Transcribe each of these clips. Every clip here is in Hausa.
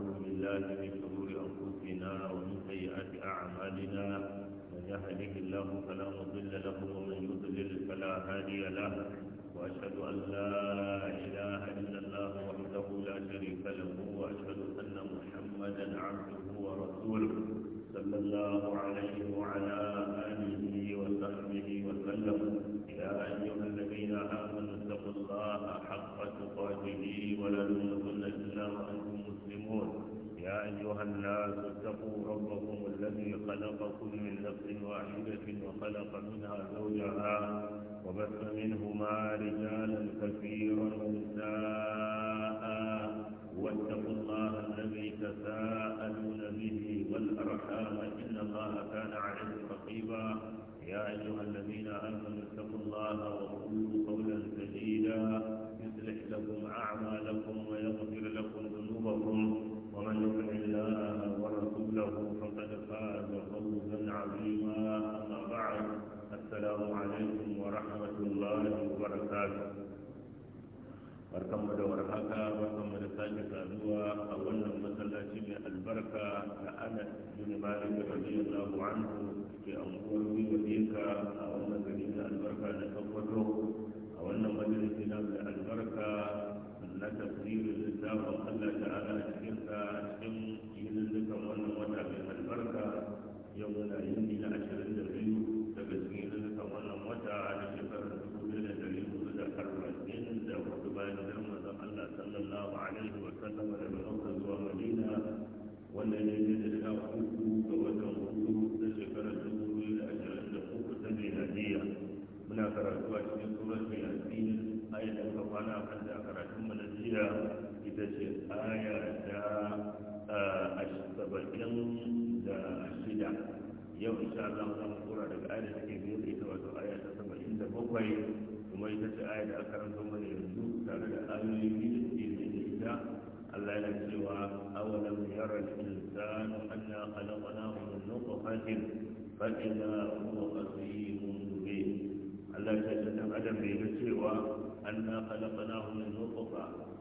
أعوذ بالله من شرور أنفسنا ومن سيئات أعمالنا من يهده الله فلا مضل له ومن يضلل فلا هادي له وأشهد أن لا خلقكم من نفس واحدة وخلق منها زوجها وبث منهما رجالا كثيرا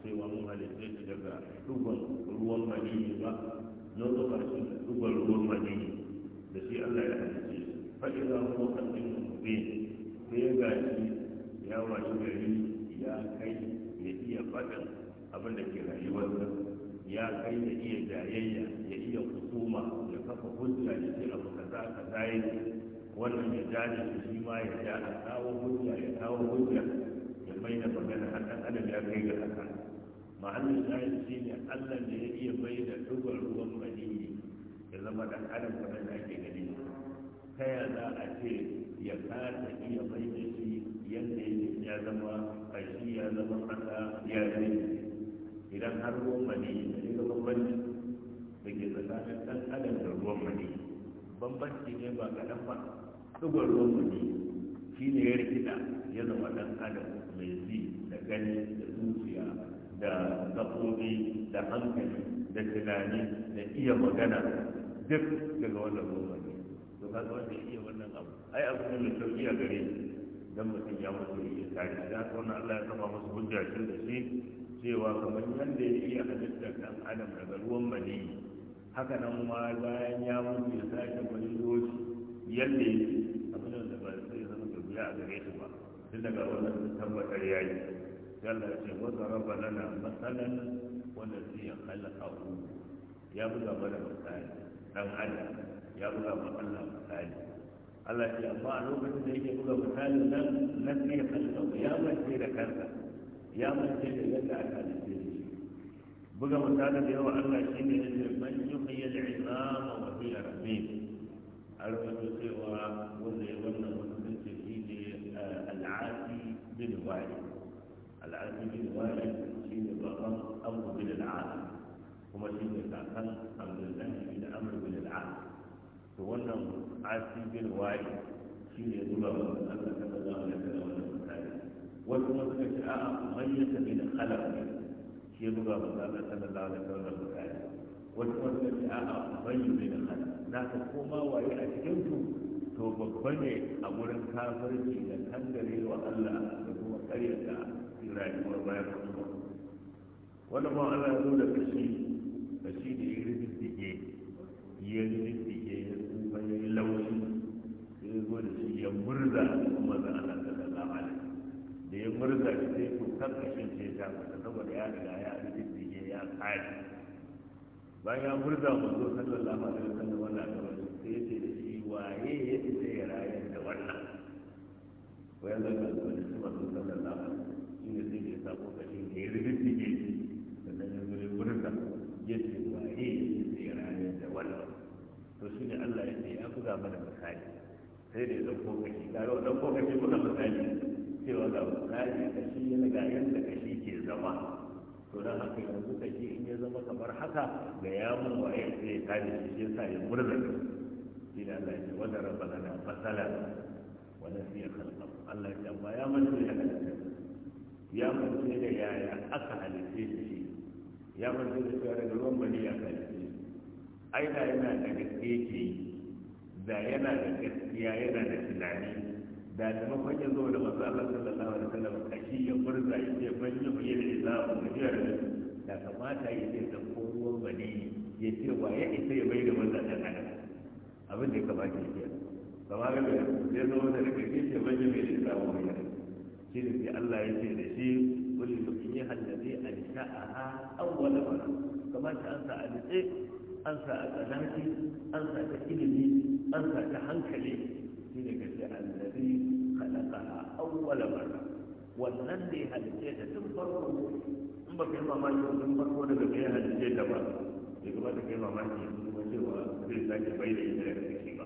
cewa mun halitta shi daga dugon ruwan maniyyi ba nutfa shi dugon ruwan maniyyi da shi Allah ya halitta shi fa idza huwa qadim mubin sai ga shi ya wayi gari ya kai ya iya faɗin abin da ke rayuwarsa ya kai ya iya jayayya ya iya kusuma ya kafa hujja ya ce abu kaza kaza yake wannan ya ja shi shi ma ya ja a kawo hujja ya kawo hujja ya bayyana da magana har ɗan adam ya kai ga haka ma'anin shahid shi ne allah ne ya iya bai da dubar ruwan maniyi ya zama dan adam kamar da ake gani ta ya za a ce ya kasa iya bai da shi yadda ya zama kashi ya zama kasa ya zai idan har ruwan maniyi da ya zama bani da ke tsakanin dan adam da ruwan maniyi bambanci ne ba kaɗan ba dubar ruwan maniyi shi ne ya rikida ya zama dan adam mai zi da gani da zuciya da gaɓoɓi da hankali da tunani da iya magana duk daga wannan goma ne to ka zo da iya wannan abu ai abu ne mai sauki a gare ni dan mutum ya mutu ya tare da wannan Allah ya kama musu hujja shi da shi cewa kamar yadda ya iya halittar dan adam daga ruwan maniyi haka nan ma bayan ya mutu ya sake wani shi yadda ya abin da ba zai zama da wuya a gare shi ba tun daga wannan tabbatar ya yi Allah ce wanda raba lana matsalan wanda zai ya halaka ya buga mana misali dan adam ya buga mana Allah misali Allah ya amma a lokacin da yake buga misalin nan na zai halaka ya mace da kansa ya mace da yadda aka halitta shi buga misalin da yawa Allah shi ne ya man yuhyi al-izama wa hiya rabbi an rubuta cewa wanda ya wannan wanda ce shi ne eh, al-asi bin wa'id al'adu bin wani shi ne baban abu bin al'ad kuma shi ne kakan abdullahi bin amr bin wannan asi bin wani shi ne zuwa wannan allah ta da kada wannan mutane wasu kuma suka ce a mayyata bin khalaf ne shi ya ba allah ta zama da kuma koma waye a cikin to babba ne a wurin kafirci da kangare wa Allah da kuma karyata rayuwar bayan mutuwa wani ma ana zo da kashi kashi da ya riddige ya riddige ya tsufa ya yi laushi ya zo da shi ya murza kuma za a nan da zamani da ya murza shi sai ku kan kashin ce ta saboda ya riga ya riddige ya kare bayan ya murza manzo sallallahu alaihi wasallam wannan gaba sai ya ce da shi waye ya ce ya rayar da wannan wayan da kan wani su manzo sallallahu shi ne sai da ya sako kashin da ya rubuta ke shi sannan ya zure wurinsa ya ce waye ya ce ranar da wannan to shi ne allah ya ce ya buga mana misali sai da ya ɗauko kashi karo ɗauko kashi muna misali cewa ga misali kashi yana ga yadda shi ke zama to don haka yanzu kashi in ya zama kamar haka ga yamun waye sai ya kare shi shi yasa ya murza shi ne allah ya ce wanda rabba na masala wani siya kalmar allah ya ce amma ya manta ya halitta ya mace da yaya aka halitta shi ya mace da yaya daga ruwan mani ya halitta ai da yana da gaske ke da yana da gaskiya yana da tunani da da mafan ya zo da masu Allah sallallahu alaihi wasallam kashi ya furza ya ce ban yi mu yin islamu da jiyar da kamata ya ce da ruwan bani ya ce wa ya isa ya bai da wannan ta kana abin da ya kamata ya ce kamar ga ya zo da gaske ce ban yi mu yin islamu da jiyar shi ne Allah ya ce da shi wani mutum yi hallabe a nisa a ha awwala mana kamar ta an sa a nitse an sa a tsanaki an sa ta ilimi an sa ta hankali shi ne gaske allabi kalaka a awwala mana wannan ne halitta ta tun farko in ba kai mamaki tun farko daga kai halitta ta ba ya kuma ta kai mamaki kuma cewa zai sake bai da ita daga ciki ba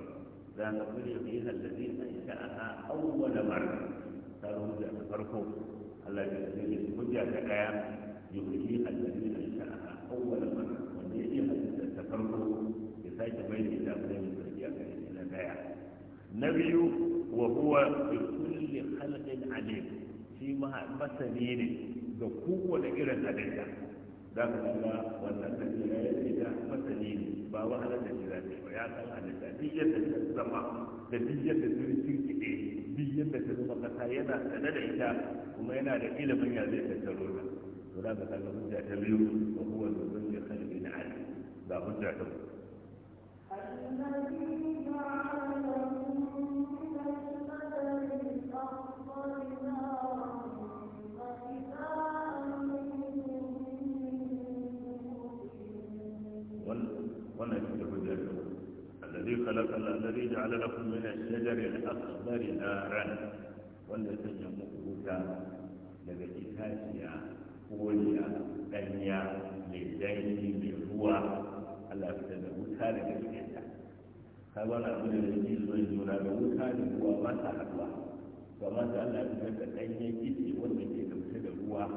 za ka kuli bi hallabi an sha'aha awwala marra قالوا هجة فرقوا أن يجزيه هجة كايا يهجي الذين شاء أول مرة ونيجي هجة فرقوا يساعد بين كتاب لهم فرقيا إلى كايا نبي وهو بكل خلق عليم في ما مسنين ذكوا لإلى ذلك ذاك الله وأن تجد إلى مسنين فهو على تجد ذلك ويعطى على تجد السماء تجد السماء duk yadda ta zama kasa yana sanar da ita kuma yana da ilimin ya zai tattaro ta to za ka kaga hujja ta biyu wa huwa zuzun ya kalli na ali ga hujja ta biyu wannan shi da hujjar ta الذي خلق الذي جعل لكم من الشجر الاخضر نارا ولتجمعوا كان لذلك كاسيا وليا انيا لدين بالهوى الا تدعو تارك الجنه فولا من الذي سيدنا له تارك هو ما تحتوى فما جعل لك ان يجدي ولدي تدعوها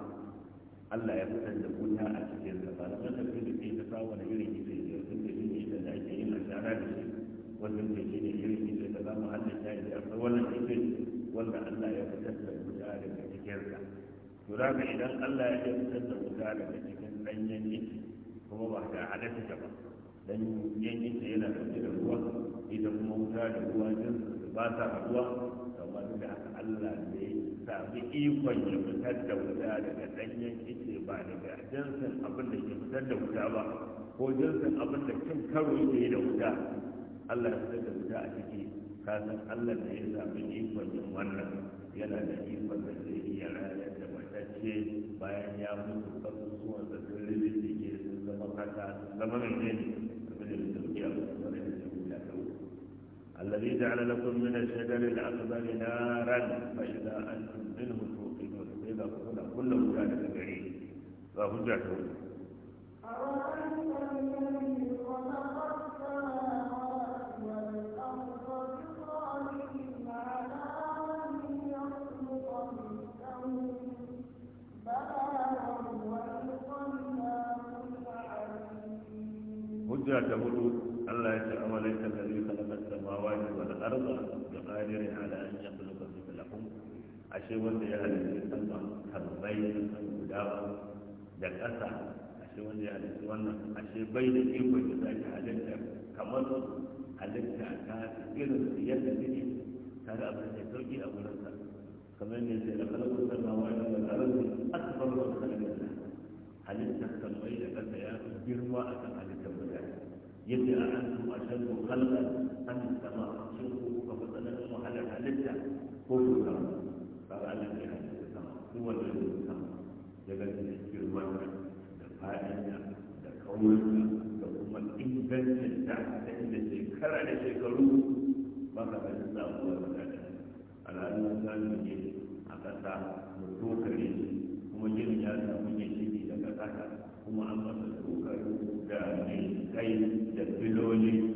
Allah ya fitar da kuta a cikin zafa, na ƙasar da ke ta sawa da irin gizo ne, sun da yin shi da ake yin a shara da shi. wannan ke shi ne irin da za mu hannun ya yi yarsa wannan ita wanda allah ya fitar da wuta daga cikinsa to za ka idan allah ya fitar da wuta daga cikin ɗanyen ita kuma ba ta halatta ta ba dan yankin ta yana ɗauke da ruwa ita kuma wuta da ruwa din ba ta haɗuwa amma duk da haka allah ne sami ikon ya fitar da wuta daga ɗanyen ice ba daga jinsin abin da ke fitar da wuta ba ko jinsin abin da cin karo yake da wuta Allah ya fitar da wuta a ciki ka san Allah da ya samu ikon da wannan yana da ikon da zai iya rayar da matacce bayan ya mutu kasusuwan da sun rubin da ke sun zama kasa sun zama mai ne abin da a da su wuta ta wuta لكم من الشجر الأخضر نارا فإذا أنتم منه توقدون إذا قلنا كله ذلك بعيد فهجته hujja ta hudu Allah ya ce amalaita lalli kalakar samawa wal arda da qadirin ala an yakhluqa mithlakum ashe wanda ya halitta sama kalmai da guda da ƙasa ashe wanda ya halitta wannan ashe bai da ikon da zaki halitta kamar halitta ta irin yadda take tare abin da sauki a gurinsa kamar ne sai da samawa kalakar samawati wal arda da wa kalakar halittar kalmai da kasa ya fi girma a kan halittar mutane yadda a an su a shan kalmar an sama shin ko kuka matsalar wahalar halitta ko kuka ba ga Allah ne halitta sama ko wanda ne sama ya ga girman da fa'ida da kauyuka da kuma ingancin da ta inda shekara da shekaru ba ka ga sabuwar wadata alhalin zanen ne a ƙasa mu tokare kuma yin ya samu kuma an masa da mai kai da filoli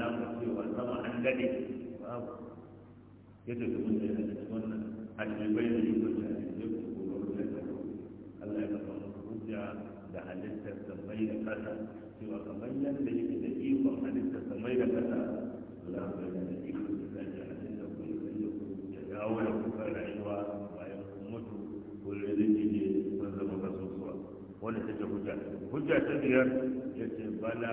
alamar cewa sama an dade babu ya ce domin da wannan hajji da yi kwanci a cikin ko Allah ya kafa hujja da halittar da kasa cewa kamar yadda yake da ikon halittar sammai da kasa Allah da ikon da zai ji halittar ya zai ya dawo da kuka rayuwa bayan kun mutu ko zai zama hujja hujja ta biyar ya ce bala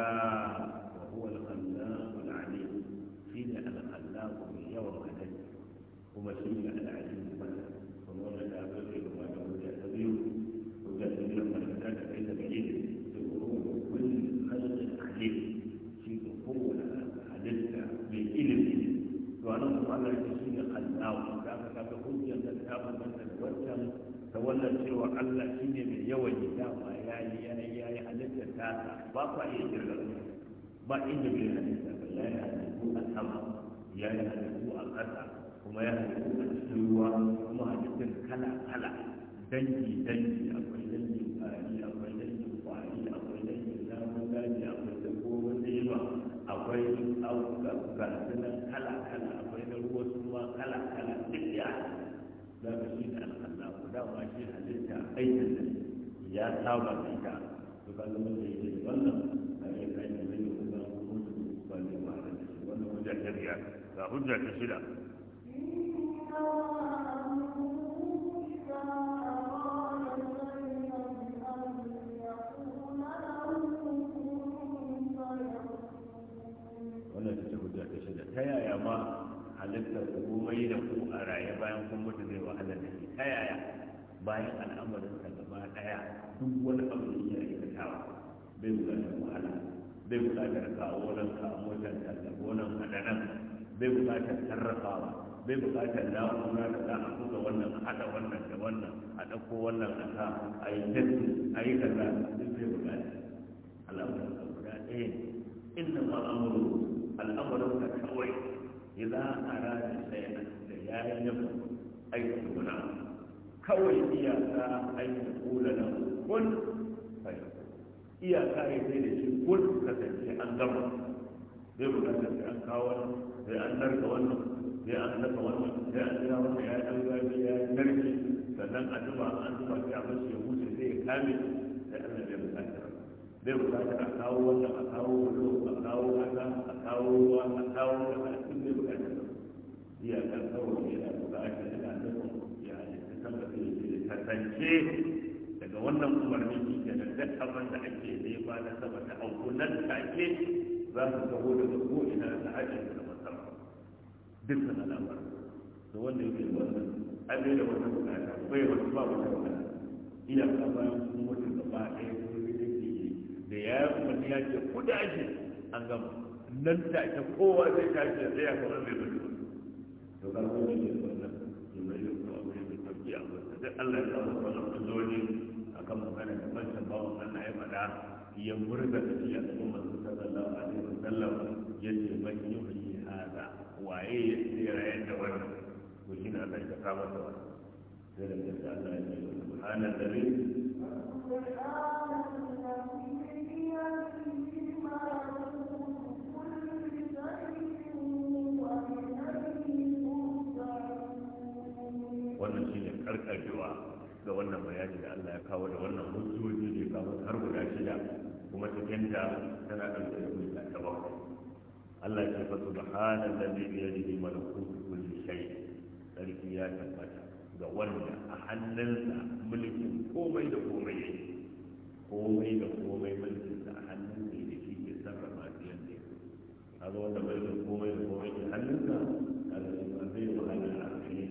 kuma shi ne al'adun kuma kuma wanda ta zo ce kuma da hujja ta biyu hujja ta biyu kuma ta da kai da kai da kuma kullum halittar halil shi ne kowane halitta mai ilimi to anan kuma Allah ya shi ne Allah da aka kaga hujjar da ta bambanta da wancan ta wannan cewa Allah shi ne mai yawan yi dama ya yi yanayi ya yi halittar tasa ba kwa iya kirga ba inda bai halitta ba ya yi halittu a sama ya yi halittu a ƙasa kuma ya halittu a cikin ruwa kuma cikin kala kala dangi dangi akwai dangin kwari akwai dangin kwari akwai dangin namun daji akwai dabbobin yawa akwai gasu garsunan kala kala akwai na ruwa kuma kala kala duk ya za ka shi da alƙalla ku dama shi halitta aikin da ya saba da ita to ka zama da yake da wannan a yi kai da mai da kuma mutum ba zai ba da shi wannan hujja ta riya ga hujja ta shida ta yaya ma halittar ku komai da ku a raye bayan kun mutu zai wahala da shi ta yaya bayan al'amarin ka gaba daya duk wani abu da iya aikatawa bai bukatar wahala bai bukatar kawo nan ka motar ka gonan hadanan bai bukatar sarrafawa bai bukatar na'ura da za a buga wannan haɗa wannan da wannan a ɗauko wannan a ta a yi tattu a yi kaza duk bai bukatar al'amuran ka guda ɗaya inda ma amuru al'amuran ka kawai idan ara da shayar da ya yi nufin aikin guna kawai iyaka aikin kula na kun fahimta iyaka ya sai da shi kun kasance an gama zai bukatar da an kawo sai an narka wannan sai an saka wani sai an jira wani ya yi zafi ya yi narki sannan a zuba an zuba sai a mashi ya huce sai ya kame sai allah bai bukatar bai bukatar a kawo wannan a kawo wani a kawo kaza a kawo ruwa a kawo a cikin bai bukatar ya daga wannan umarnin shi ke nan duk abin da ake nema na sama da aukunan take za su taho daga ina da hajjin da dukkan al'amura da wanda yake da wannan an da wannan bukata bai wata ba wata bukata ina ka bayan sun wata gaba ɗaya sun yi yake da ya kuma ya ce kuda ake an gama nan ta ita kowa zai tashi ya tsaya kamar mai mutu to ka zo ne da wannan mai da kuma abu da sauki a wata duk Allah ya samu wannan kulloni akan magana da ba bawan Allah ya faɗa ya murza da shi a cikin masu sallallahu alaihi wasallam yace man yuhyi hada waye to shi ne Allah ya kama da wani zai da yadda Allah ya ce subhanan da ne wannan shi ne karkarewa ga wannan bayani da Allah ya kawo da wannan hujjoji da ya kawo har guda shida kuma cikinta tana ɗauke da hujja ta bakwai Allah ya ce fa subhanan da ne biyar da malakutu kulli shay'in sarki ya tabbata ga wanda a hannunsa mulkin komai da komai yake komai da komai da a hannun ne da shi ke sarrafa su yadda ya kaga wanda mulkin komai da komai ke hannunsa kaga shi ma zai wahala a kai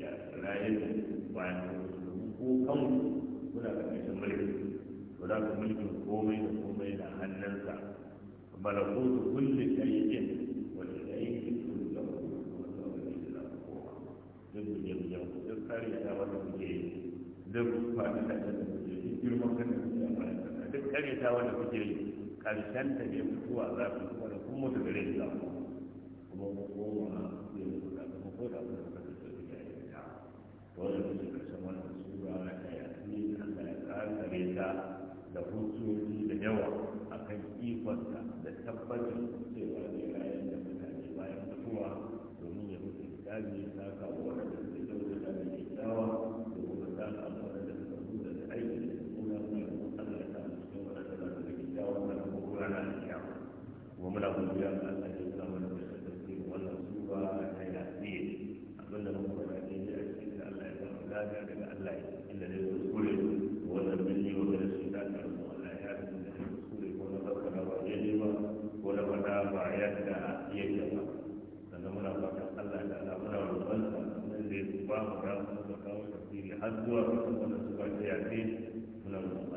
ya rayu da bayan ko kanku kuna ƙarƙashin mulkin to za ka mulkin komai da komai da hannunsa malakutu yi shay'in tsari da wanda kuke da rufa da da kuke yi girman kan da kuke amfani da duk tsari da da ne mutuwa za ku kuma da gare kuma ku koma da da kuma da kuma da ya yi ta wanda kuke karshen ya ta da da yawa akan ikonta da tabbatar Allah ya inda ne kuskure wannan bin yi wa da shi da Allah ya yi inda ko na ba ko na ba yadda ba sannan muna fatan Allah da Allah muna roƙon sa zai ba mu da kawo tafsiri har zuwa wannan muna roƙon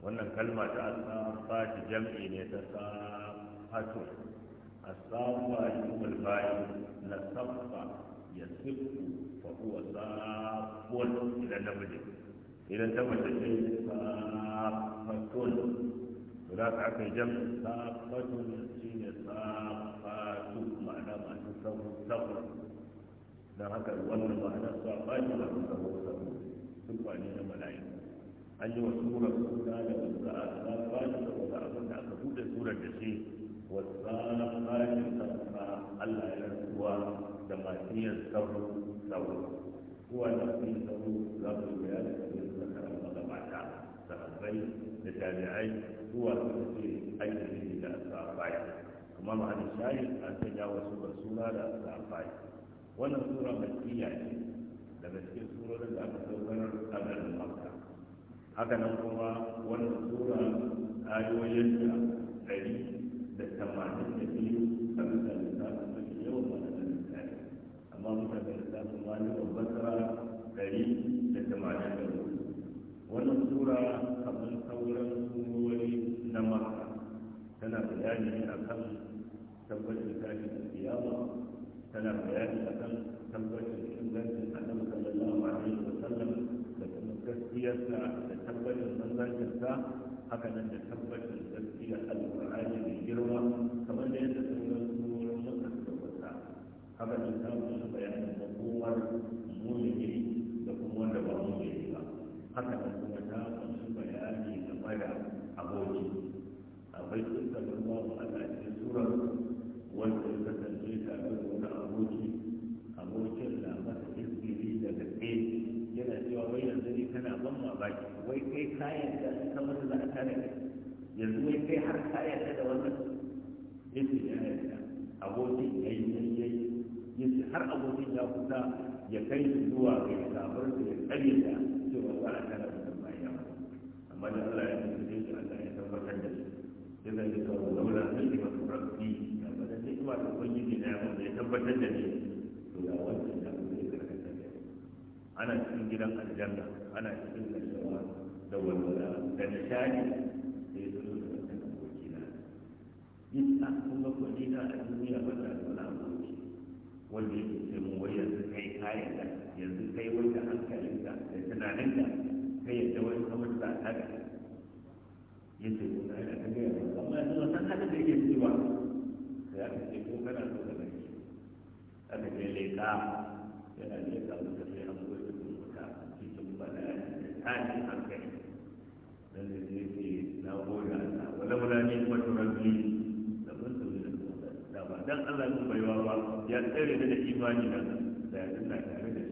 wannan kalma ta ba ta jam'i ne ta A asafa yumul bayan na safa ya sifu wa huwa safun idan na miji idan ta mace ce safatun to da ka aka jam'i safatun shine safatu ma'ana masu sahu sahu dan haka wannan ma'ana safa ne masu sahu sahu sun ne na mala'ika an yi wa surar suna da wasa a tsarfani saboda abin da aka buɗe surar da shi wasa tsarfani sarfa allah ya rantsuwa da masiyar sauro sauro kuwa da masiyar sauro za mu yi bayanin da ya suka karanta da mata sahabbai da jami'ai zuwa suka ce aiki da asafai amma ma'anin shayi an sanya wasu ba suna da asafai wannan sura mai ne daga cikin surorin da aka saukarar haka nan kuma wannan sura da ɗari da tamanin da biyu a bisa lissafin mafi yawan da lissafi amma muka ga lissafin babban tsara ɗari da tamanin da biyu wannan sura kamar sauran surori na maka tana bayani a kan tabbacin tashin kiyama tana bayani a kan tabbacin ingancin gaskiyarsa da tabbacin manzancinsa haka nan da tabbacin gaskiya alƙur'ani mai girma kamar da yadda sauran surorin muka tabbata haka nan samun bayanin makomar mumini da kuma wanda ba mumini ba haka yanzu mai kai har ka yarda da wannan yace ya yarda abokin ya yi ya yace har abokin ya kusa ya kai zuwa ga sabar da ya tsare ta cewa ba a kana da bayan amma da Allah ya yi shi Allah ya tabbatar da shi sai da yake kawo laula sai da rabbi da bada sai kuma da ubangiji da ya ya tabbatar da shi to da wannan da zai karkata da ana cikin gidan aljanna ana cikin da da walwala da nishadi bid'a kuma na a duniya ba ta da wani wanda yake sai mu wai yanzu kai kayan da yanzu kai wanda hankalinka da tunaninka kai yadda wani kamar za ta ga yace ko kai da kage amma yanzu wannan hadin da yake cewa ya ce ko kana so ka gani aka ce leka yana leka wata sai an gwada mutum ka cikin bala'i da tsari dan Allah ne baiwa ba ya tsare ni da imani na da yana tare da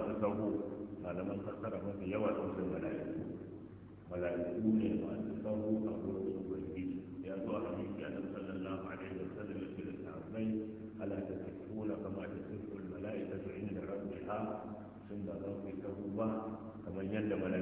ta sahu malaman fassara mafi yawa sun mala'iku mala'iku ne masu sahu a gurbin ubangiji ya zo a hadisi annabi sallallahu alaihi wa sallam ya ce da sahabbai ala tasifuna kama tasiful mala'ikatu inda rabbiha sun ba za ku yi sahu ba kamar yadda mala'ikatu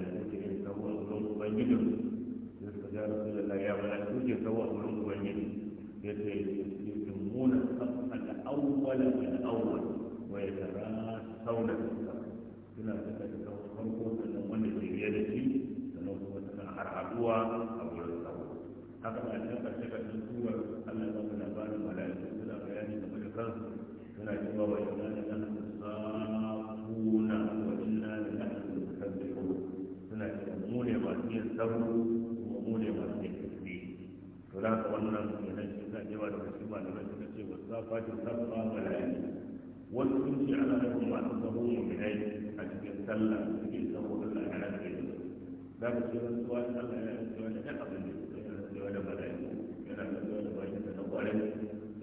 haka a cikin ƙarshe ƙarshen suwar allah ya ba labarin mala'iku suna bayani game da kansu suna cewa wa inna da nan safuna wa inna da nan musabbihu suna cewa mu ne masu yin sabu kuma mu ne masu yin tasbih to da haka wannan kenan shi sa yawa daga cikin malamai suka ce wa safatin safa mala'iku wasu sun ce ana nufin masu sabu mu'minai a cikin sallah suke sabu Allah ya rage da su da ka ce rantsuwa Allah ya rage da abin da game da mala'iku yana rantsuwa da bakin da na kwarai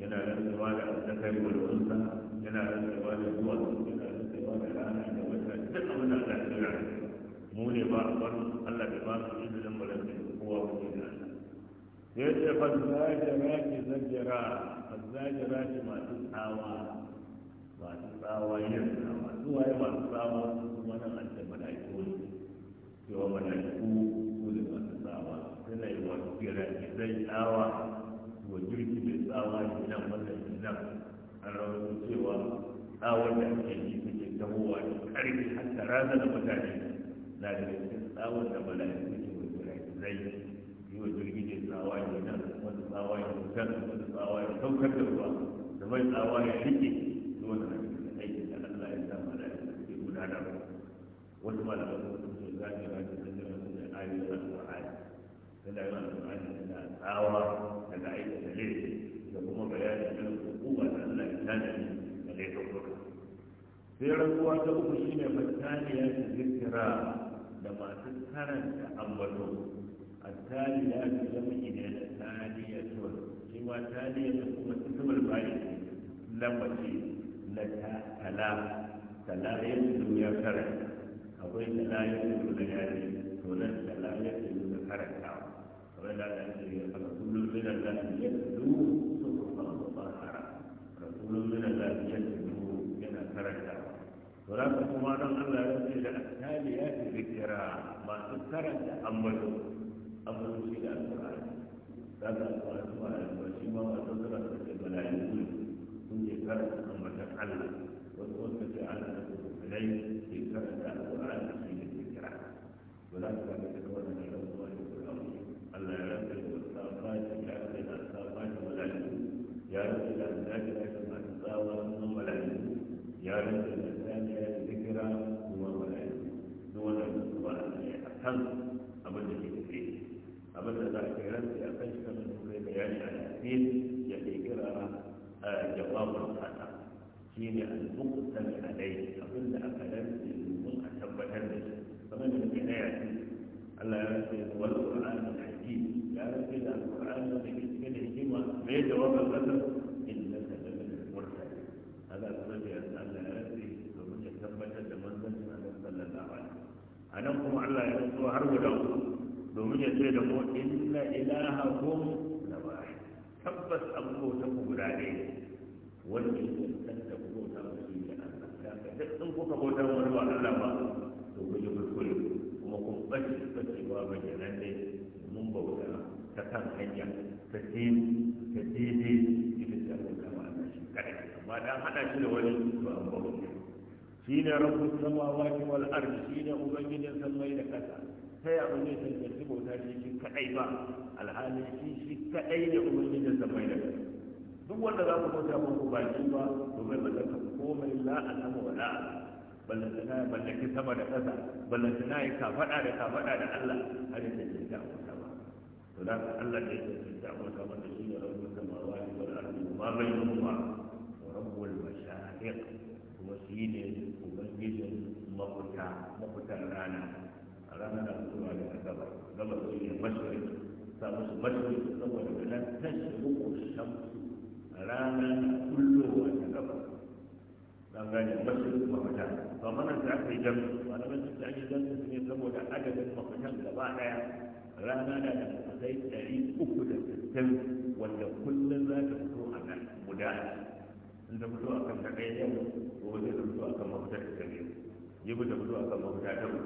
yana rantsuwa da alzakari wal unsa yana rantsuwa da zuwa yana rantsuwa da rana da wata duk abin da Allah ya mu ne ba a Allah bai ba mu izinin mu da kowa ba ne da ya ce fazzajira ke zajira fazzajira ce masu tsawa masu tsawa yin tsawa su masu tsawa su wannan an ce mala'iku ne cewa mala'iku zai tsawa wa jirgi mai tsawa ne nan wannan nan an rawar cewa tsawon da ake yi suke tabowa da ƙarfi hatta ta da mutane na da cikin tsawon da mala'iku ke wa zai yi wa jirgi mai tsawa ne nan wani tsawa ne can wani tsawa ne saukar da ruwa da mai tsawa ya rike zuwa da aikin da Allah ya sa mala'iku ke gudanarwa wasu malaman sun ce za ka yi rajin da ayoyin Allah da alƙur'ani daga tsawa daga aikata laifi da kuma bayanin irin hukuma da Allah ya tanadi da laifuka sai ta uku shine fataniya ta zikira da masu karanta ambato التالية تجمع إلى التالية سوى تالية تكون تسمى tala, لما شيء ya karanta, تلا يبدو يا فرح أو تلا to nan da lafiyar da yau da karanta kamar da Allah ya ce ya fara kullum min Allah ya yadu subhan wa bahara rasulun min Allah ya yadu yana karanta to da kuma dan Allah ya ce da ya ce zikira masu karanta ambato ambato shi da alqur'ani da ga alqur'ani ba shi ma wato suna da bala'i sun je karanta ambatan Allah wasu wasu ce Allah ya ce هي المقدم عليه فقلنا أفلا المسحة ثبتا لك فمن يمكن يعني على والقرآن الحكيم لا يمكن القرآن بكتك الحكيم ما يجواب الغدر إن لك لمن المرسل هذا فمن يسأل لأرسي فمن يثبت لمن ذلك على صلى الله عليه أنا أقوم على يسوع هرب لهم دومين يسيرهم إن إلهكم لواحد تبت أبوه تبوه عليه والمسلم duk in kuka bauta wani ba Allah ba to ku ji kuskure kuma kun bace bacewa bayyanan ne mun bauta ta kan hanya ta ta daidai ita ta bauta ba Allah shi kadai amma dan hada shi da wani to an bauta shi ne rabbus samawati wal ardi shi ne ubangijin sammai da kasa ta ya abu ne tantance bauta shi shi kadai ba alhali shi shi kadai ne ubangijin sammai da kasa duk wanda za ku bauta ba ku baki ba to bai mallaka komai la alama wa la ballantana ya mallaki sama da ƙasa ballantana ya kafaɗa da kafaɗa da Allah har yadda ya ta abota ba to da Allah ne ya ta abota da shi ne rabbul samawati wal ardi wa ma bainahuma wa rabbul mashaqiq kuma shi ne ubangijin mafuta mafutan rana A rana na zuwa daga gaba gaba shi ne mashirin sa musu mashirin saboda nan tashiru shamsu rana kullowa dan gane masjid mafita ba mana da aka yi jami'a malaman su da ake jami'a su ne saboda adadin mafitan gaba daya rana da da mafitai dari uku da sittin wanda kullum za ta fito a nan guda in da fito a kan ta ɗaya yau ko zai ta fito a kan mafita ta biyu yi ta fito a kan mafita ta uku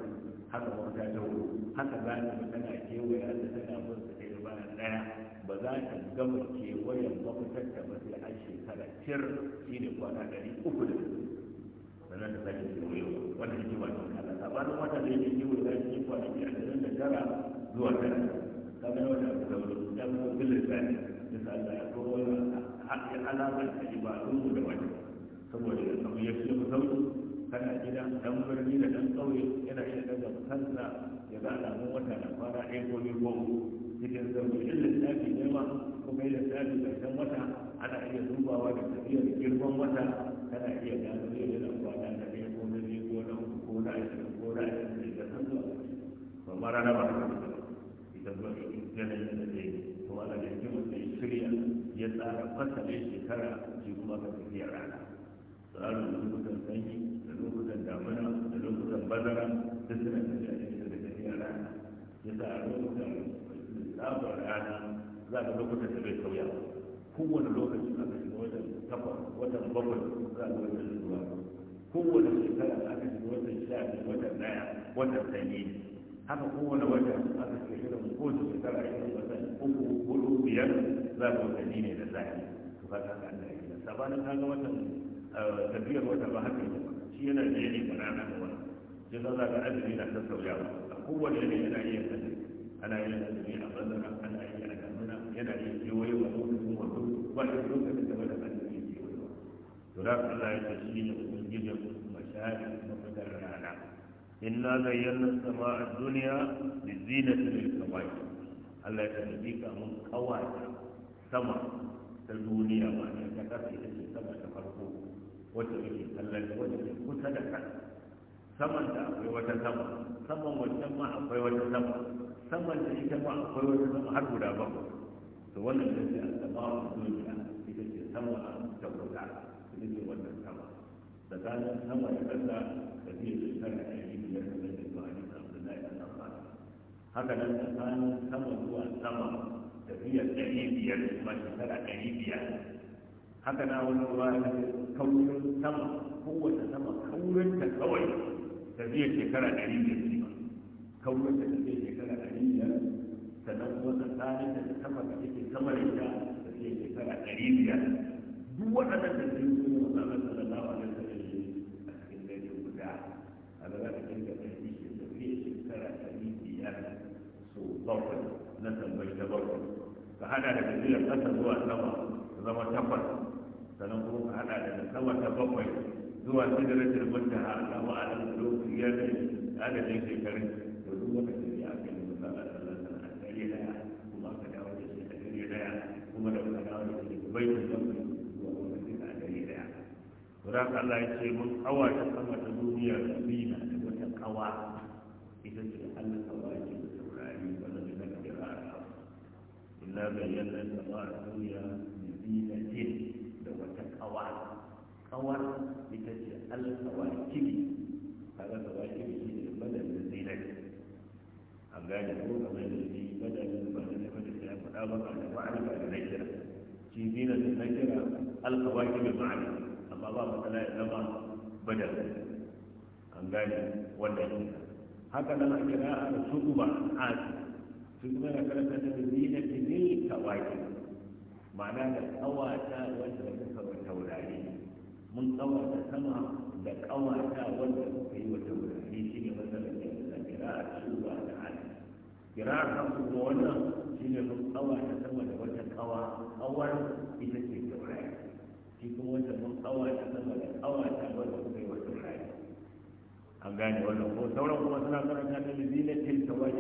haka mafita ta uku haka za ta fi tana kewaya da tana bin su ɗaya bayan ɗaya ba za ta gama kewayen mafitar da ba sai an shekara cir shi ne kwana ɗari uku da sannan ta sake kewayo wanda yake wato kala sabanin wata da yake kewayo da yake kwanaki biyar da tara zuwa tara kaga na wata abu da wani ya fi kullum da Allah ya ko wani haƙƙi alamar da ibadun mu da wani saboda abu ya fi sauki kana gida dan birni da dan ƙauye yana iya daga kansa ya ga alamun wata da kwana ɗaya ko biyu ko cikin zaune, in lissafi ne ma kuma yi lissafi ƙarshen wata ana iya dubawa da tafiyar girman wata kana iya gano yau yana amma na ba idan ba ganin da zai to ana da yake mutum ya shirya ya tsara fasalin shekara shi kuma ka tafiya rana tsarin lokutan sanyi da lokutan damina da lokutan bazara da suna tafiya da tafiya rana ya sa a lokutan tsabar rana za ka lokutan da bai sauya kowane lokaci aka shiga watan takwas watan bakwai za a watan zuwa kowane shekara aka shiga watan sha biyu watan daya watan sanyi haka kowane wata aka ce irin kowace shekara irin watan uku hudu biyar za ka watanni ne da zafi to ka ga da ya yi sabanin ka ga watan eh, tafiyar wata ba haka ne shi yana da yanayi ba rana da wani shi za ka azumi na ba, a kowane yanayi yana iya azumi ana yin azumi a bazara ana yi a yana iya kewaye wa lokacin wato ba da lokacin da wata azumi kewaye to da Allah ya ce shi ne ubangijin mashahadin mafitar rana inna zayyana sama a duniya da zinatin lilsamai Allah ya tafi ka mun kawata sama ta duniya ba ne ta kasa ita ce sama ta farko wacce take kallon wacce ke kusa da kan saman da akwai wata sama saman wancan ma akwai wata sama saman da ita ma akwai wata sama har guda bakwai to wannan da ce al a duniya ita ce sama ta guda ita ce wannan sama tsakanin sama da kasa da zai shekara ɗaya haka nan tsakanin sama zuwa sama da tafiyar ɗari biyar kuma shekara ɗari biyar haka wani ruwa da kaurin sama kowace sama kaurin ta kawai shekara ɗari biyar ne ba kaurin ta shekara ɗari biyar sannan kuma tsakanin da sama da take sama da ita tafiyar shekara ɗari biyar duk waɗannan da yi wa sallallahu alaihi wasallam نسأل ما يتبرع فأنا لدليل القسم هو سوى إذا ما تفت فنقول أنا لدليل سوى تبقي هو سدرة المنتهى أنه على الملوك في يده هذا ليس كريم وهو مثل يأكل المسألة مثلا الدليل يا ثم تجاوز الدليل يا ثم لو تجاوز الدليل بيت الجنة ورأت الله يسير من قوى تقوى تدوني يا سبينا لم يتقوى إذا تحل قوى لا بين سماء الدنيا بزينة لو تكوار كوار لتجي الكواكب هذا كواكب شيء بدل الزينة أبدا هو بدل الذي بدل بدل بدل لا بدل وعلى بدل نجرة في زينة النجرة الكواكب معنا أما الله تعالى لما بدل أبدا ولا هكذا ما كان الشكوى عاجز sun zama da karanta da zina da ne kawaki ma'ana da kawata wanda suka wa taurari mun kawata sama da kawata wanda suka yi wa taurari shi ne matsalar da kira a cewa da hali kira a kan kuma wannan shi ne mun kawata sama da wata kawa kawar ita ce taurari shi kuma wanda mun kawata sama da kawata wanda suka yi wa taurari an gane wannan ko sauran kuma suna karanta da zina ce kawai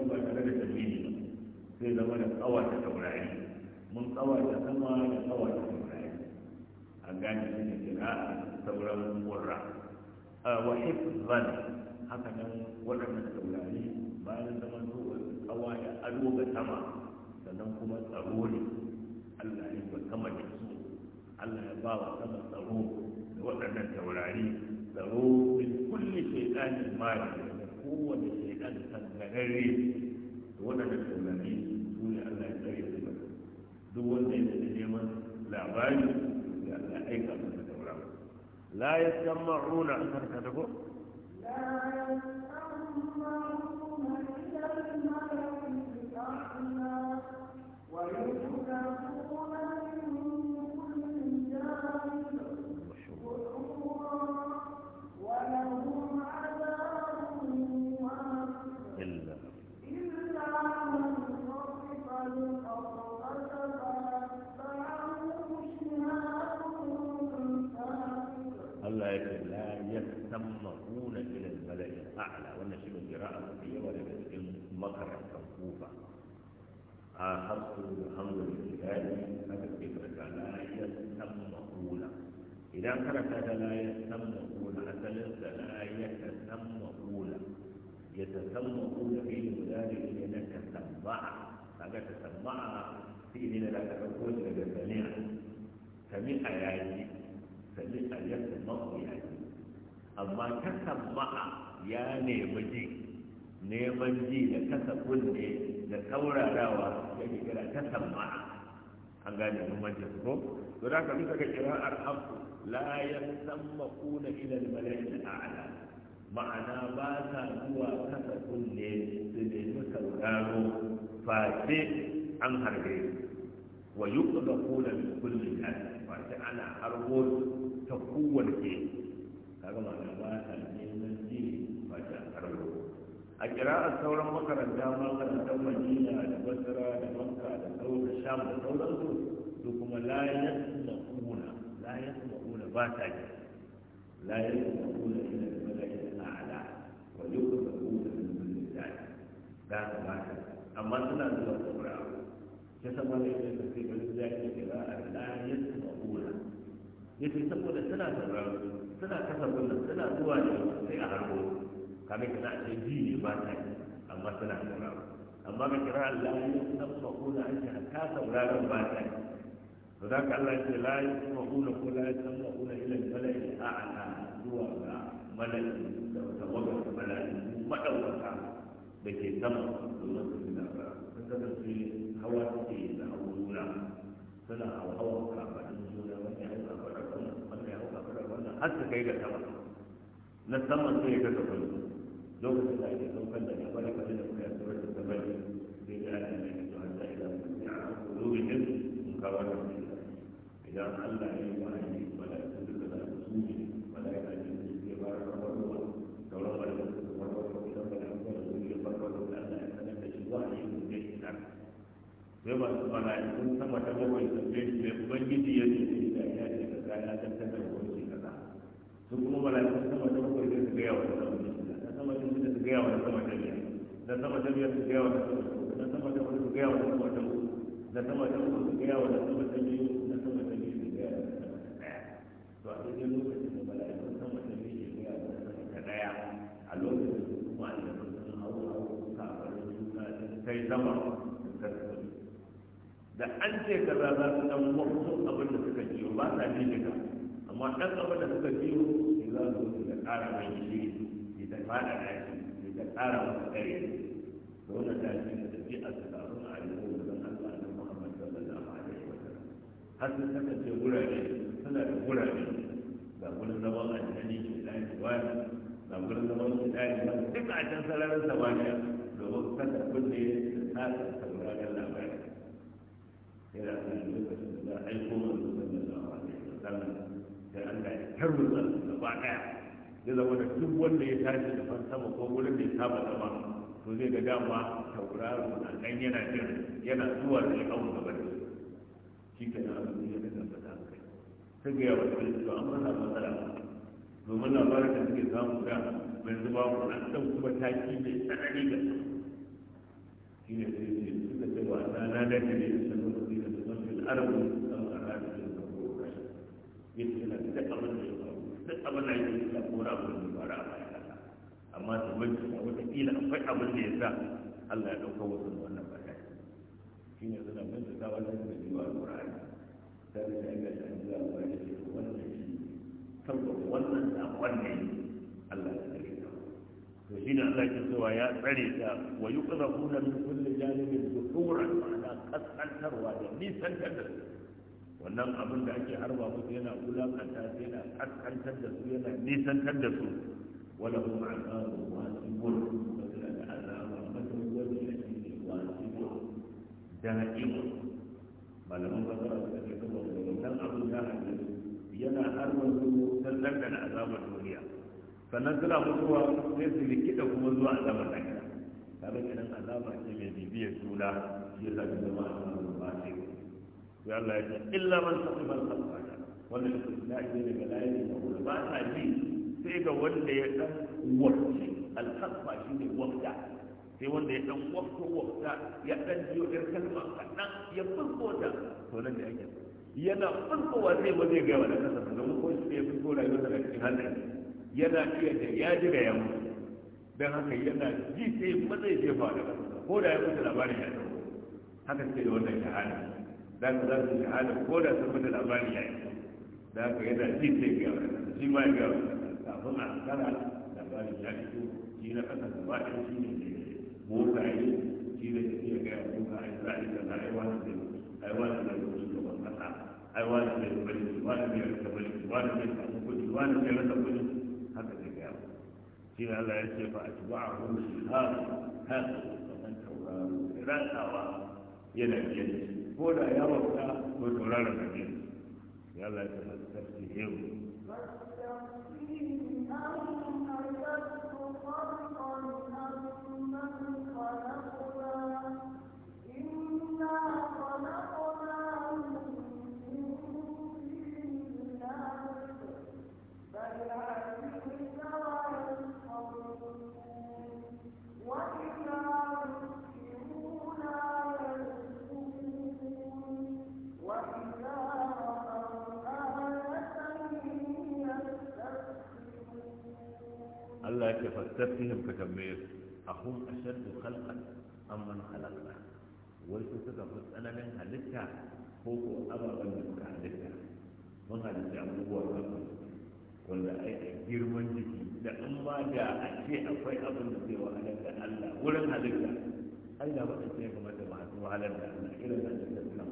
tsawata taurari mun tsawata sama da tsawata taurari a gane shi ne kira sauran murra wa hifzan haka nan waɗannan taurari bayan zaman zuwa tsawa da ado ga sama sannan kuma tsaro ne allah ya ba sama da su allah ya ba wa sama tsaro da waɗannan taurari tsaro min kulli shaidanin mali daga kowane shaidan sangararre da waɗannan taurari duk wanda ya da neman labari da Allah aika su da la yasma'una ka la yasma'una wa آخرت الحمد لله هذا كيف لا يتم مقولا إذا ترك هذا لا يتم مقولا حتى ليس لا يتم مقولا يتم مقولا في ذلك لأنك تسمع هذا تسمع في إن لا تقول إلا سمع سمع يعني سمع يتم يعني أما تسمع يا نيمجي نيمجي نعم، جي لكتب كل da saurarawa ya ke kira ta samma an gane bambancin su ko to da ka bisa ga kira'ar haku la yasammaquna ila al-mala'ikati a'la ma'ana ba sa zuwa kasa kunne su nemi sauraro face an harbe wa yuqdaquna min kulli jihati face ana harbo ta kowace kaga ma'ana ba sa a kira'ar sauran makaranta makarantar madina da basira da makka da sauran sham da sauransu su kuma la yasma'una la yasma'una ba ta ji la yasma'una ila al-malaikati a'la wa da min kulli dai da ba ta amma suna zuwa kubra ya sama ne da sai ga zaki kira'ar la yasma'una yace saboda suna sauraro suna kasa suna zuwa ne sai a harbo kaga kira ni mana ne ba ta yi amma suna sauraro amma ga kira Allah ya sabba kuna an ta ka sauraron ba ta yi to da ka Allah ce la ya sabba kuna ko la ya sabba kuna ila mala'i a'ala zuwa ga mana da wata magana mala'i madaukaka da ke sama domin su ji labara sun kasance hawa suke da hawa suna hawa hawa kafaɗin juna wani ya hau kafaɗar wannan wannan ya wannan har kai ga sama na saman sai ya kasa kwallo lokacin da ake saukar da labari kamar da kuka yasuwar da sabari zai yi ala ne da zuwa ta ila ya an kuro wajen sun kawar da su idan allah ya yi wa'ayi mala'ikun duka za su su ne mala'ika ne su ke ba da kawarwa sauran mala'ikun su kawarwa ko idan mala'ikun da zuwa farko da allah ya sanar da shi wa'ayi ne zai yi ta sai masu mala'ikun sama ta bakwai sabbe shi mai ubangiji ya ce shi da ya ce ka kaya ta tattalin wani shi kaza su kuma mala'ikun sama ta bakwai sai su gaya wa sama da shida su gaya wa na sama da biyar sama da biyar su gaya wa na sama da sama da uku su gaya wa na sama da sama da uku su gaya wa na sama da sama da biyu su gaya wa na sama da ɗaya to a daidai lokacin da mala'ikun sama da biyu ke gaya wa na sama da ɗaya a lokacin da kuma a da sun hau hau sun kai sama da an ce kaza za su ɗan wasu abin da suka jiyo ba sa jijika amma ɗan abin da suka jiyo sai za su da ƙara mai shiri da fada da shi da tsara masa kare dole ta shi da tafiya ta taru a yanzu da zan Allah da Muhammad sallallahu alaihi wa sallam har sun kasance gurare suna da gurare ga gurin zaman addini ke dani wani ga gurin zaman ke dani wani duk a can sararin samaniya domin kada kunne da tsara sauraron labari yana da lokacin da za a aiko manzo sallallahu alaihi wa sallam da Allah ya tarwata gaba daya ya zama da duk wanda ya tashi da fan sama ko wurin da ya saba zama to zai ga dama tauraro na nan yana jin yana zuwa da ya da gaba shi ke na abin da ya daga kai sai gaya wa da su amma na matsala domin labarin da suke samu da mai zuba mu na ɗan kuma taki mai tsanani ga su shi ne sai ce suka ce wa na na da ne da da da zama da zama da da da wani abu da fara a bayan kasa amma su bincika wataƙila akwai abin da ya sa Allah ya ɗauka wasu da wannan bayani shi ne suna bincika wannan da biyu al-Qur'ani sai da shi ga shi da bayani shi wannan shi wannan Allah ya tsare ta to shi ne Allah ya cewa ya tsare ta wa yuqrabuna min kulle janibin dhuhuran ma'ana kasantarwa da nisan da su wannan abin da ake harba musu yana wulakanta su yana kaskantar da su yana nisantar da su wala hum azabun wasibun wa suna da azaba madawwami a cikin wasibun da'im malaman fasara suka ce kuma wannan abin ya ne yana harba su sallar da azabar duniya sannan suna mutuwa sai su likita kuma zuwa azabar lahira kaga kenan azaba ce mai bibiyar juna shi yasa ta zama a cikin azabar wasibun ya Allah ya ce illa man saqima al-qasada wannan istisna ne daga layin da ba ta ji sai ga wanda ya dan wacce al shi ne wafda sai wanda ya dan wafto wafta ya dan jiyo ɗan kalma kaɗan ya furko ta to nan da yake yana furkowa sai ba zai gaya wa ɗan kasa da ko shi ya furko rayuwar da cikin hannun yana iya da ya ji da yamma dan haka yana ji sai ba zai jefa da ko da ya fita labarin ya haka sai da wannan shahada dan ka za su shahada ko da sun fita labari ya yi da ka yana ji sai wani shi ma ga kafin a kara labarin ya fito shi na kasa gaba ɗaya shi ne motsa yi shi da shi ya gaya motsa a yi za a yi kaza a yi wani zai a yi wani zai wani shugaban kasa a yi wani zai bari wani zai rasa bari wani zai samu kuɗi wani zai rasa kuɗi haka zai gaya shi ne Allah ya ce fa a tuba a wani shi har haka wannan tauraro rantsawa yana iya ci ko da ya wauta ko tauraron da ne ya la ta tafi yau What لك فاستفهم تكمل أهم أشد خلقا أم من خلقنا ولسه تفرس أنا من هلتك فوق أبا من هلتك من هلتك أبوه وقفه ولا أي أجير من جديد لا أما جاء أشيء أفاي أبن نسي وأنا كألا ولن هلتك أين أبقى الشيء كما تبعث وعلى الدعنة إلا أن تتكلم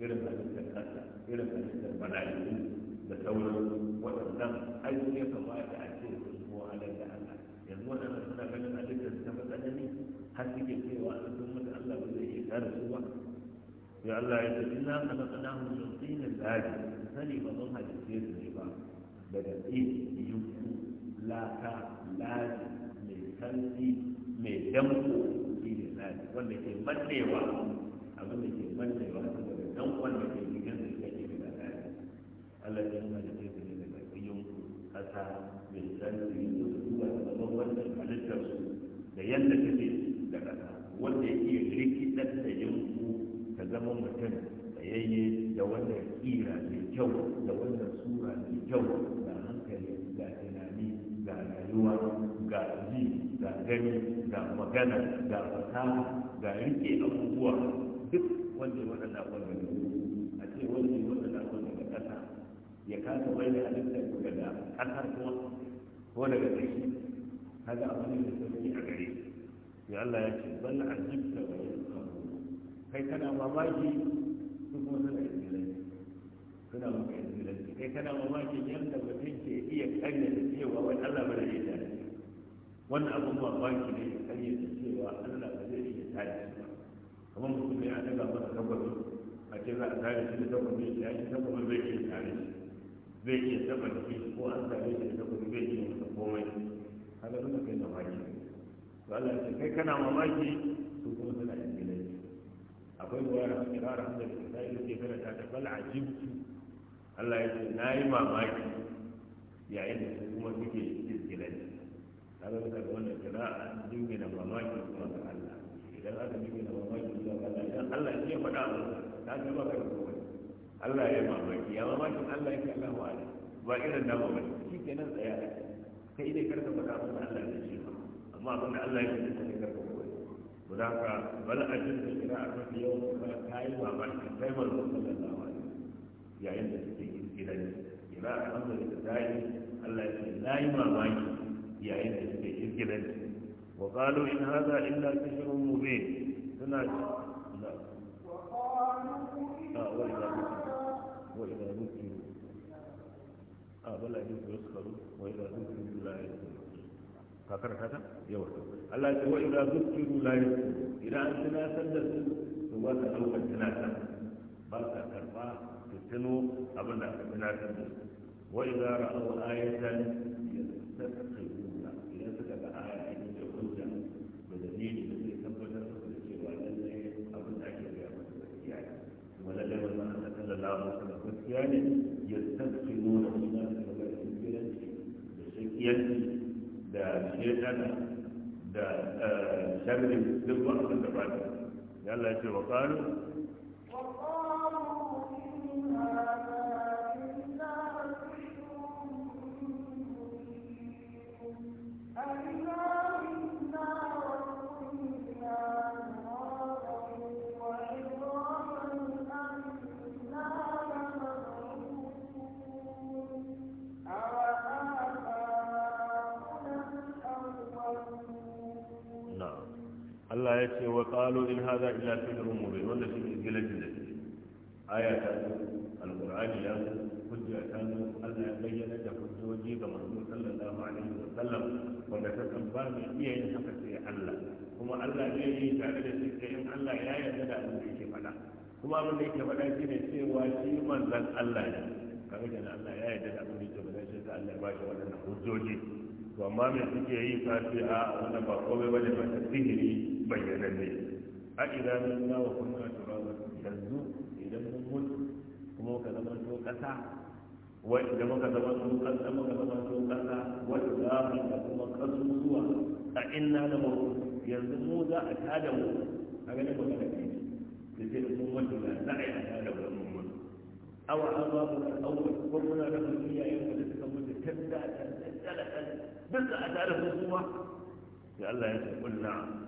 إلا أن تتكلم إلا أن تتكلم إلا أن تتكلم إلا أن تتكلم إلا أن تتكلم إلا أن yanzu waɗanda suna ganin halittar ta fi tsanani har suke cewa an sun mutu Allah ba zai iya kare su ba sai Allah ya ce inna khalaqnahu min tinin lahi sani ba mun halitte su ne ba daga tsin yunku laka lahi mai santi mai danko tinin lahi wanda ke mannewa abin da ke mannewa saboda dankon da ke cikin su ke cikin lahi Allah ya halitte su ne daga tsin yunku kasa mai santi yadda ce da ƙasa wanda ya iya rikidar da yanku ta zama mutum tsayayye da wannan ƙira mai kyau da wannan sura mai kyau ga hankali ga tunani ga rayuwa ga ji ga gani ga magana ga fasaha ga rike abubuwa duk wanda waɗanda wanda a ce wanda waɗanda wanda daga ƙasa ya kasa da halittar daga ƙasar kuma ko daga ƙashi kaga abu ne da sauki a gare shi ya Allah ya ce balla ajibta wa yasqabu kai kana mamaki su kuma suna izgilanci suna maka izgilanci kai kana mamakin yadda mutum ke iya karya da cewa wani Allah ba zai iya tashi wannan abun mamaki ne ya karya da Allah ba zai iya tashi kamar mutum a daga masa tabbatar a ce za a tare shi da tabbatar ya shi tabbatar zai iya tare shi zai iya tabbatar ko an tare shi da tabbatar zai iya masa komai kaga dole kai mamaki to Allah ya ce kai kana mamaki su kuma suna ingilishi akwai ruwaya a kirara hamza da isra'ila ke kana ta tafal ajibtu Allah ya ce na yi mamaki yayin da su kuma suke ingilishi kaga duka da wannan kira'a jingina mamaki kuma ga Allah idan aka jingina mamaki zuwa ga Allah idan Allah ya ce faɗa a ta ga baka da komai Allah ya yi mamaki ya mamaki Allah ya ke Allah wa ba irin nama ba shi kenan tsaya kai ne karka faɗa abin da Allah ya ce ba amma abin da Allah ya ce ne karka koyi ba za ka bal ajin da kira a kan yau ka kai ba ba ka kai ba da sallallahu alaihi yayin da suke yin kira a kan da dai Allah ya ce nayi mamaki yayin da suke kirani wa qalu in hadha illa sihrun mubin suna ka karanta ta yawa Allah ce wa idza zukiru la yadhkuru idan an tunatar da su to ba ka daukar tunatar ba ka karba su tuno abin da aka tunatar da su wa idza ra'aw ayatan yastaqbiluna idan suka ga aya a cikin hujja da dalili da zai tabbatar da cewa lallai abin da ake ga masa gaskiya ne kuma lalle wannan Allah sallallahu alaihi wasallam gaskiya ne Ya idan suka ga gaskiya ne da shakiyanci da shekana eh, da sharri duk da ba Allah ya ce wa ƙaru Allah ya ce wa qalu in hadha illa sihrun mubin wanda shi ne gilaji da shi aya ta alqur'ani ya hujja ta Allah ya bayyana da hujjoji ga manzo sallallahu alaihi wa sallam wanda ta san ba mai iya yin haka sai Allah kuma Allah ne yi tare da shi sai in Allah ya yarda da abin da yake faɗa kuma abin da yake faɗa shine cewa shi manzon Allah ne kamar da Allah ya yarda da abin da yake faɗa shi Allah ya ba shi waɗannan hujjoji to amma me suke yi safi a wannan ba komai bane ba ta sihiri bayyananne a idan mun dawo kunna turaba yanzu idan mun mutu kuma muka zama to kasa wa idan muka zama to kasa muka zama to kasa wa zamu da kuma kasusuwa a inna da mu yanzu mu za a tada mu a ganin mu da kai da sai mun mutu da za a yi a tada mu mun mutu aw azabu da awwal ko muna da mutiya yin da suka mutu tanda tanda tanda duka a tare su kuma Ya Allah ya ce kullu na'am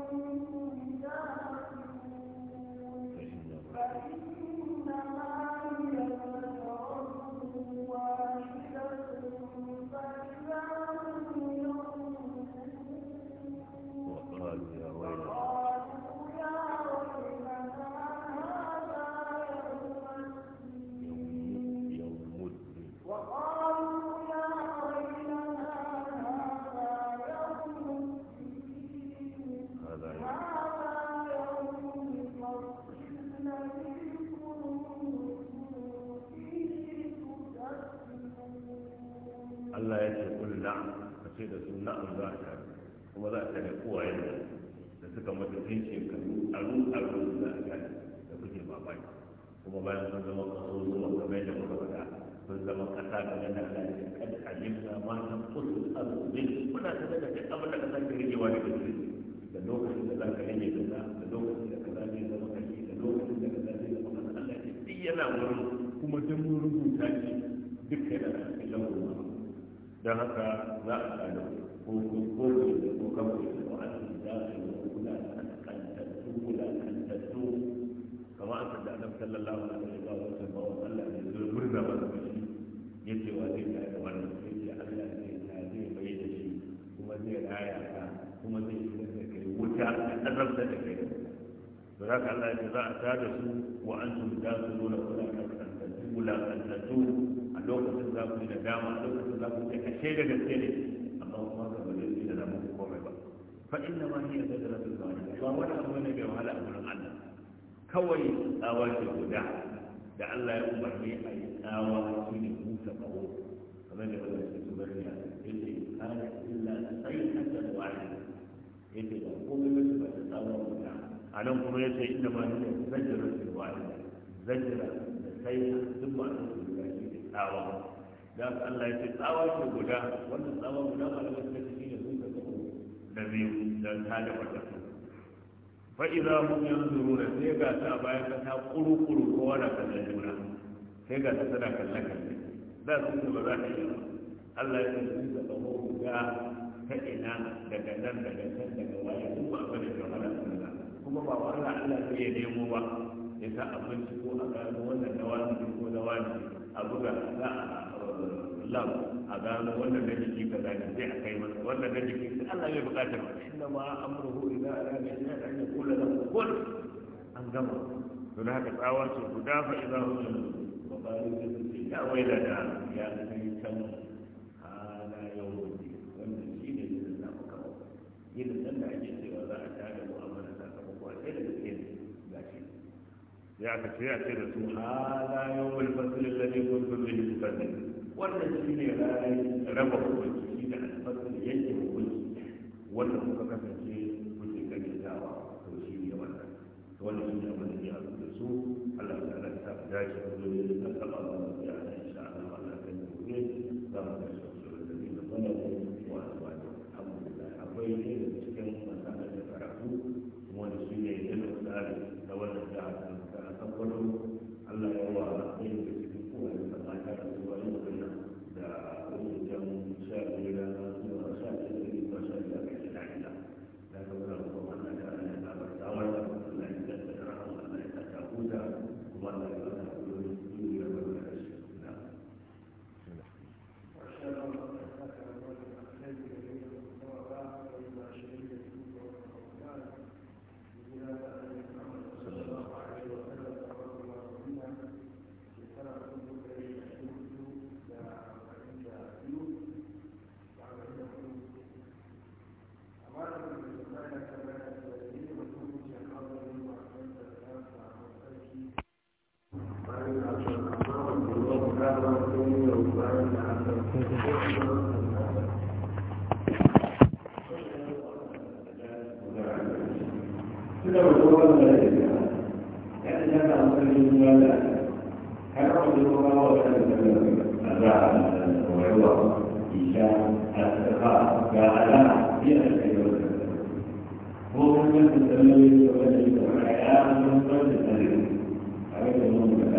na za a tare kuma za a tare kowayen da suka mutu tun shekaru a aru a tare da kuke mamaki kuma bayan sun zama kaso zuwa kamar yadda muka faɗa sun zama kasa da Allah kada ma ta daga abin da ka sake rigewa da da lokacin da za ka rige kaza da lokacin da ka zai zama kashi da lokacin da ka zama Allah duk yana wurin kuma duk mun rubuta shi duk yana cikin don haka za a tsada وكل مكبر وعلى الداخل ولا أن تتوب لا أن تتوب كما أنت النبي صلى الله عليه وسلم وقال له المرضى والمشي يجي وزيد هذا والمشي الله زيد هذه بعيد شيء وما زيد آية وما زيد ذكر وجاء الرب ذكر فذاك الله يتبع سادسه وأنتم داخلون ولا أن تتوب لا أن تتوب اللوكس ذاك من دام اللوكس ذاك من الشيء ده فإنما هي زجرة واحدة وأنا أقول لك وهلا أقول الله كوي آوات الوداع لعل يؤمر لي أي آوى أكيد موسى قبول فمن يقول لك تبرني إن كانت إلا صيحة واحدة إذا قبلت فتساوى الوداع أنا أقول لك إنما هي زجرة واحدة زجرة صيحة ثم أنزل لك آوى ذاك الله يتساوى في الوداع والتساوى الوداع على مسألة da zai dan ta da matattu fa idza hum yanzuruna sai ga ta bayan ka ta kuru ko wala ka da juna sai ga ta tana kallon kallon za su ba za ta yi Allah ya yi da tsawo ga ta ina daga nan daga can daga waye duk ba ba da jama'a sallah kuma ba wala Allah sai ya nemo ba ya sa abinci ko a gano wannan dawani ko dawani a buga za a islam a gano wannan na jiki ka zane sai a kai masa wannan na jiki sai Allah bai bukata ba inda ma amruhu idza arada shay'an an yaqula lahu kun an gama don haka tsawar su guda fa idza hum wa qalu ya waila da ya kai can hala yawmi wannan shi ne da muka yin nan da ake cewa za a tare mu'amala sakamako a sai da gaske gashi ya ka ce ya ce da su hala yawmul fasl alladhi kuntum bihi tukadzibun wannan shi ne ranar raba hukunci da albarkar yanke hukunci kuka kasa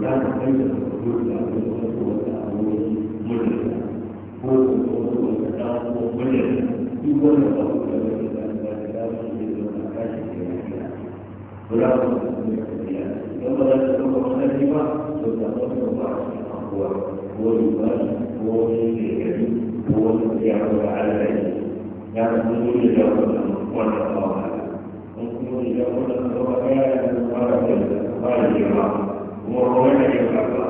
Gracias. وهو الذي خلق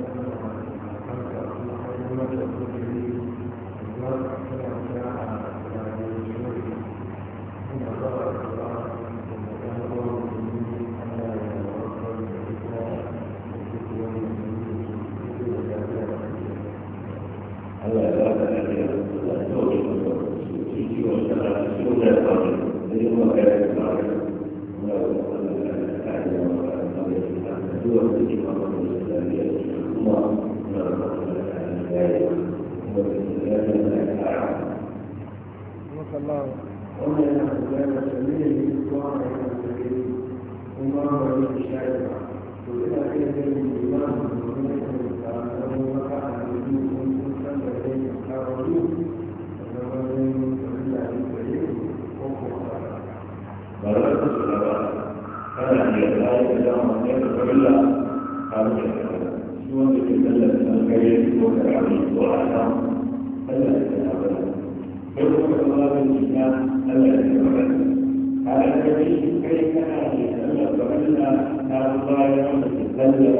الله يوم تتسلل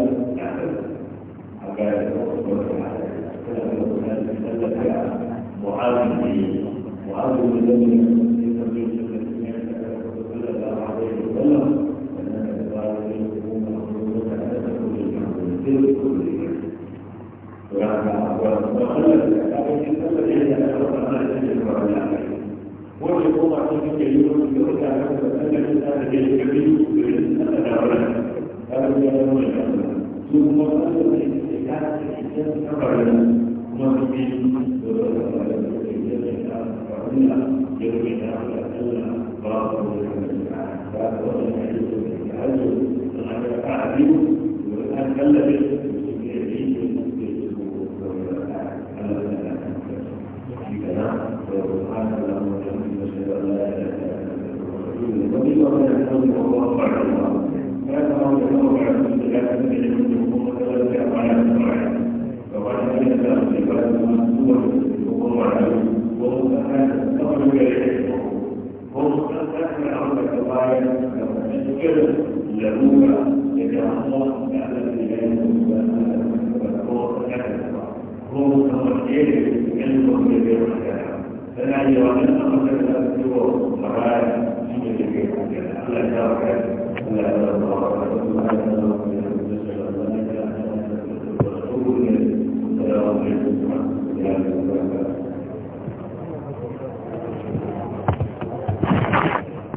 حكاية معاذ بن معاذ بن